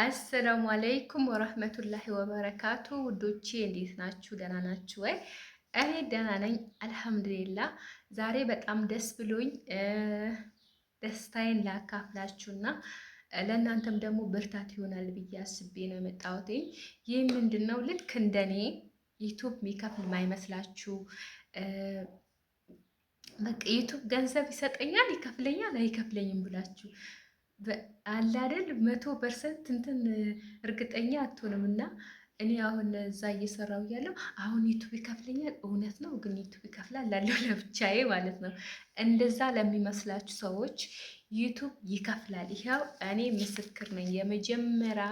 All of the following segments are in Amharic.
አሰላሙ አለይኩም ወረህመቱላሂ ወበረካቱ ውዶቼ፣ እንዴት ናችሁ? ደህና ናችሁ ወይ? እኔ ደህና ነኝ አልሐምዱሊላ። ዛሬ በጣም ደስ ብሎኝ ደስታዬን ላካፍላችሁና ለእናንተም ደግሞ ብርታት ይሆናል ብዬ አስቤ ነው የመጣሁት። ይህ ምንድን ነው? ልክ እንደኔ ዩቱብ የሚከፍል ማይመስላችሁ በቃ ዩቱብ ገንዘብ ይሰጠኛል ይከፍለኛል አይከፍለኝም ብላችሁ አላደል መቶ ፐርሰንት እንትን እርግጠኛ አትሆንም እና እኔ አሁን እዛ እየሰራው ያለው አሁን ዩቱብ ይከፍለኛል። እውነት ነው፣ ግን ዩቱብ ይከፍላል ላለው ለብቻዬ ማለት ነው። እንደዛ ለሚመስላችሁ ሰዎች ዩቱብ ይከፍላል። ይኸው እኔ ምስክር ነኝ። የመጀመሪያ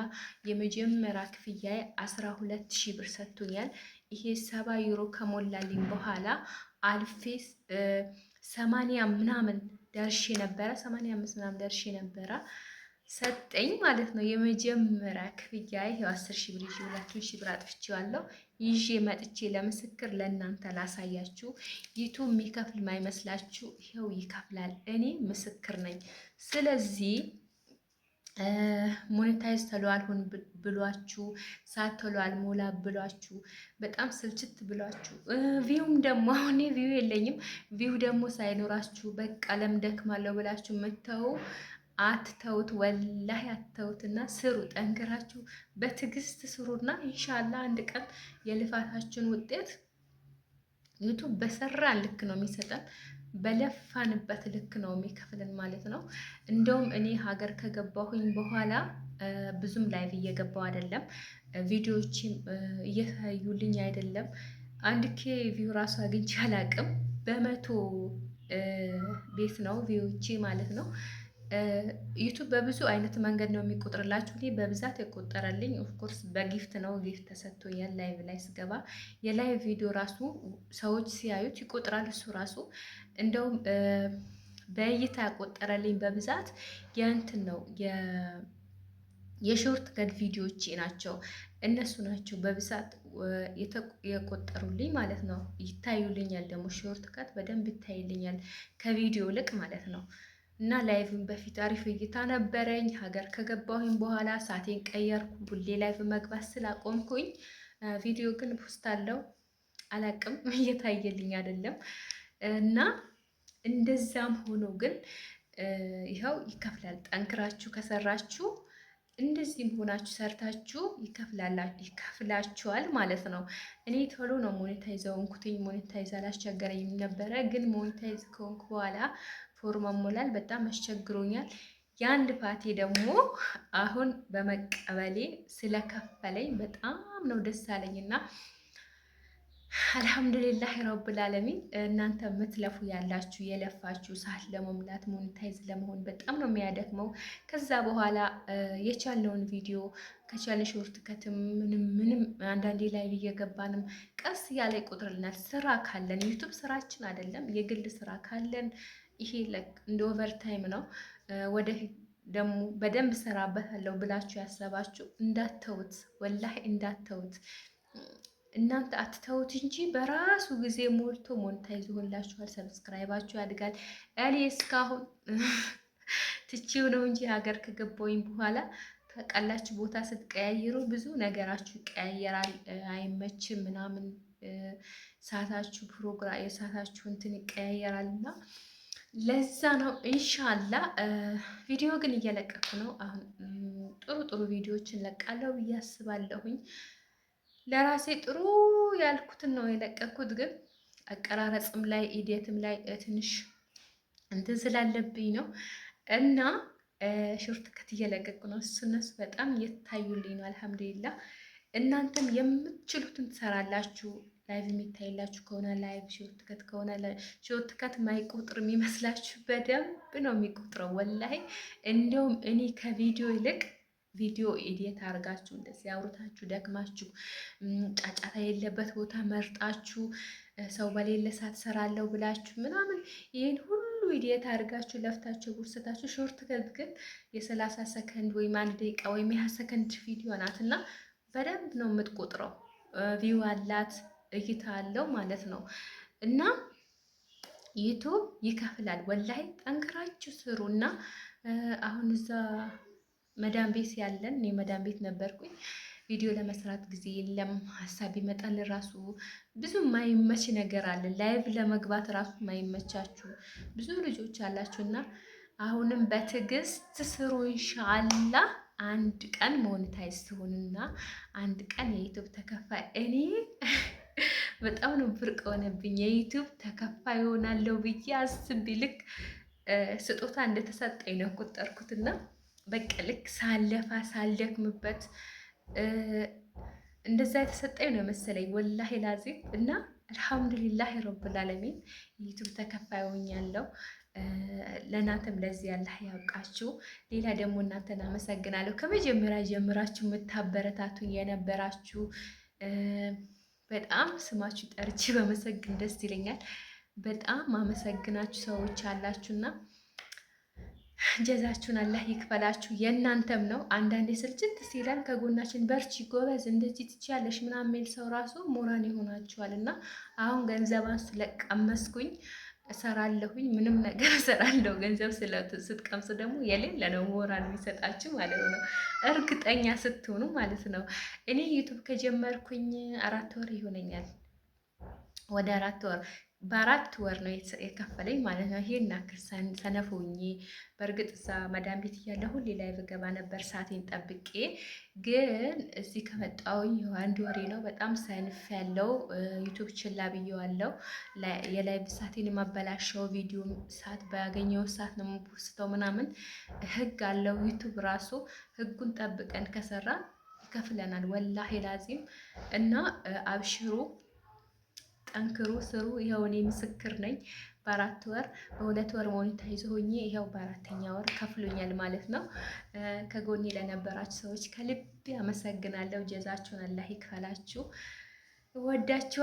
የመጀመሪያ ክፍያዬ አስራ ሁለት ሺህ ብር ሰጥቶኛል። ይሄ ሰባ ዩሮ ከሞላልኝ በኋላ አልፌስ ሰማንያ ምናምን ደርሼ ነበረ። ሰማንያ አምስት ምናምን ደርሼ ነበረ ሰጠኝ ማለት ነው። የመጀመሪያ ክፍያ ይሄው አስር ሺህ ብር ይዤ ሁላችሁን ሺህ ብር አጥፍቼዋለሁ። ይዤ መጥቼ ለምስክር ለእናንተ ላሳያችሁ። ይቱ የሚከፍል ማይመስላችሁ ይኸው ይከፍላል። እኔ ምስክር ነኝ። ስለዚህ ሞኔታይዝ ተለዋል ሆን ብሏችሁ ሳት ተለዋል ሞላ ብሏችሁ በጣም ስልችት ብሏችሁ ቪውም ደግሞ አሁን ቪው የለኝም ቪው ደግሞ ሳይኖራችሁ በቃ ለምደክማለሁ ብላችሁ ምተው አትተውት፣ ወላሂ አትተውትና ስሩ። ጠንክራችሁ በትዕግስት ስሩና ኢንሻላ አንድ ቀን የልፋታችን ውጤት ዩቱብ በሰራ ልክ ነው የሚሰጠን። በለፋንበት ልክ ነው የሚከፍልን ማለት ነው። እንደውም እኔ ሀገር ከገባሁኝ በኋላ ብዙም ላይቭ እየገባው አይደለም፣ ቪዲዮዎችም እየታዩልኝ አይደለም። አንድ ኬ ቪው ራሱ አግኝቼ አላቅም። በመቶ ቤት ነው ቪዎቼ ማለት ነው። ዩቱብ በብዙ አይነት መንገድ ነው የሚቆጥርላችሁ። እኔ በብዛት የቆጠረልኝ ኦፍኮርስ በጊፍት ነው። ጊፍት ተሰጥቶ የላይቭ ላይ ስገባ የላይቭ ቪዲዮ ራሱ ሰዎች ሲያዩት ይቆጥራል። እሱ ራሱ እንደውም በእይታ ያቆጠረልኝ በብዛት የእንትን ነው የሾርት ከት ቪዲዮዎቼ ናቸው። እነሱ ናቸው በብዛት የቆጠሩልኝ ማለት ነው። ይታዩልኛል ደግሞ ሾርት ከት በደንብ ይታይልኛል ከቪዲዮ ልቅ ማለት ነው። እና ላይቭን በፊት አሪፍ እይታ ነበረኝ። ሀገር ከገባሁኝ በኋላ ሳቴን ቀየርኩ። ቡሌ ላይቭ መግባት ስላቆምኩኝ ቪዲዮ ግን ፖስት አለው አላቅም እየታየልኝ አይደለም። እና እንደዛም ሆኖ ግን ይኸው ይከፍላል። ጠንክራችሁ ከሰራችሁ እንደዚህም ሆናችሁ ሰርታችሁ ይከፍላችኋል ማለት ነው። እኔ ቶሎ ነው ሞኔታይዝ ሆንኩትኝ። ሞኔታይዝ አላስቸገረኝም ነበረ፣ ግን ሞኔታይዝ ከሆንኩ በኋላ ፎርም ሞላል። በጣም አስቸግሮኛል። የአንድ ፓቴ ደግሞ አሁን በመቀበሌ ስለከፈለኝ በጣም ነው ደስ አለኝና አልሐምዱሊላህ ረብል ዓለሚን። እናንተ ምትለፉ ያላችሁ የለፋችሁ ሰዓት ለመሙላት ሞኒታይዝ ለመሆን በጣም ነው የሚያደክመው። ከዛ በኋላ የቻልነውን ቪዲዮ ከቻልን ሾርት ከትም ምንም ምንም አንዳንዴ ላይ እየገባንም ቀስ እያለ ይቆጥርልናል። ስራ ካለን ዩቱብ ስራችን አይደለም የግል ስራ ካለን ይሄ እንደ ኦቨር ታይም ነው። ወደፊት ደግሞ በደንብ ሰራበታለሁ ብላችሁ ያሰባችሁ እንዳተውት፣ ወላሂ እንዳተውት። እናንተ አትተውት እንጂ በራሱ ጊዜ ሞልቶ ሞንታይዝ ሆንላችኋል። ሰብስክራይባችሁ ያድጋል። እኔ እስካሁን ትቼው ነው እንጂ ሀገር ከገባሁኝ በኋላ ታውቃላችሁ፣ ቦታ ስትቀያየሩ ብዙ ነገራችሁ ይቀያየራል። አይመችም ምናምን ሰዓታችሁ ፕሮግራም የሰዓታችሁ እንትን ይቀያየራል እና ለዛ ነው ኢንሻላ። ቪዲዮ ግን እየለቀኩ ነው። አሁን ጥሩ ጥሩ ቪዲዮዎችን ለቃለው ብዬ አስባለሁኝ። ለራሴ ጥሩ ያልኩትን ነው የለቀኩት። ግን አቀራረጽም ላይ ኢዴትም ላይ ትንሽ እንትን ስላለብኝ ነው እና ሾርት ከት እየለቀቁ ነው። እሱ እነሱ በጣም የታዩልኝ ነው። አልሐምዱሊላ። እናንተም የምትችሉትን ትሰራላችሁ። ላይቭ የሚታይላችሁ ከሆነ ላይቭ ሾርት ከሆነ ሾርት ማይቆጥር የሚመስላችሁ በደንብ ነው የሚቆጥረው። ወላይ እንደውም እኔ ከቪዲዮ ይልቅ ቪዲዮ ኤዲት አድርጋችሁ እንደዚህ አውርታችሁ ደክማችሁ ጫጫታ የለበት ቦታ መርጣችሁ ሰው በሌለ ሰዓት ሰራለሁ ብላችሁ ምናምን ይህን ሁሉ ኤዲት አድርጋችሁ ለፍታችሁ ጉርሰታችሁ ሾርት ከት ግን የሰላሳ ሰከንድ ወይም አንድ ደቂቃ ወይም የሀያ ሰከንድ ቪዲዮ ናት እና በደንብ ነው የምትቆጥረው ቪው አላት። እይታ አለው ማለት ነው እና ዩቱብ ይከፍላል። ወላይ ጠንክራችሁ ስሩ እና አሁን እዛ መዳም ቤት ያለን እኔ መዳም ቤት ነበርኩኝ። ቪዲዮ ለመስራት ጊዜ የለም። ሀሳብ ይመጣል ራሱ ብዙ ማይመች ነገር አለ። ላይቭ ለመግባት ራሱ ማይመቻችሁ ብዙ ልጆች አላችሁ እና አሁንም በትዕግስት ስሩ። እንሻላ አንድ ቀን ሞኔታይዝ ትሆንና አንድ ቀን የዩቱብ ተከፋይ እኔ በጣም ነው ብርቅ ሆነብኝ። የዩቱብ ተከፋይ ይሆናለሁ ብዬ አስቤ ልክ ስጦታ እንደተሰጠኝ ነው ቆጠርኩት እና በቃ ልክ ሳለፋ ሳልደክምበት እንደዛ የተሰጠኝ ነው መሰለኝ ወላሂ ላዜ እና አልሐምዱሊላህ ረብልዓለሚን ዩቱብ የዩቱብ ተከፋይ ሆኛለሁ። ለእናንተም ለዚህ ያላህ ያውቃችሁ። ሌላ ደግሞ እናንተን አመሰግናለሁ ከመጀመሪያ ጀምራችሁ የምታበረታቱኝ የነበራችሁ በጣም ስማችሁ ጠርቼ በመሰግን ደስ ይለኛል። በጣም ማመሰግናችሁ ሰዎች አላችሁና ጀዛችሁን አላህ ይክፈላችሁ። የእናንተም ነው። አንዳንዴ ስልችት ሲለን ከጎናችን በርቺ፣ ጎበዝ፣ እንደዚህ ትችያለሽ ምናምን የሚል ሰው ራሱ ሞራል ይሆናችኋል እና አሁን ገንዘብ አንሱ ለቀመስኩኝ እሰራለሁኝ ምንም ነገር እሰራለሁ። ገንዘብ ስትቀምሱ ደግሞ የሌለ ነው ሞራል የሚሰጣችሁ ማለት ነው፣ እርግጠኛ ስትሆኑ ማለት ነው። እኔ ዩቱብ ከጀመርኩኝ አራት ወር ይሆነኛል፣ ወደ አራት ወር በአራት ወር ነው የከፈለኝ ማለት ነው። ይሄን ያክል ሰነፍ በእርግጥ እዛ መዳም ቤት እያለ ሁሌ ላይ ብገባ ነበር ሰዓቴን ጠብቄ። ግን እዚህ ከመጣሁኝ አንድ ወሬ ነው። በጣም ሰንፍ ያለው ዩቱብ ችላ ብየዋለው። የላይቭ ሰዓቴን የማበላሸው ቪዲዮ ሰዓት ባገኘው ሰዓት ነው የምፖስተው ምናምን። ህግ አለው ዩቱብ ራሱ ህጉን ጠብቀን ከሰራ ይከፍለናል። ወላሂ ላዚም እና አብሽሩ ጠንክሩ ስሩ። ይኸው እኔ ምስክር ነኝ። በአራት ወር በሁለት ወር ሞኒታይዝ ሆኜ ይኸው በአራተኛ ወር ከፍሎኛል ማለት ነው። ከጎኔ ለነበራችሁ ሰዎች ከልቤ አመሰግናለሁ። ጀዛችሁን አላህ ይክፈላችሁ። ወዳችሁ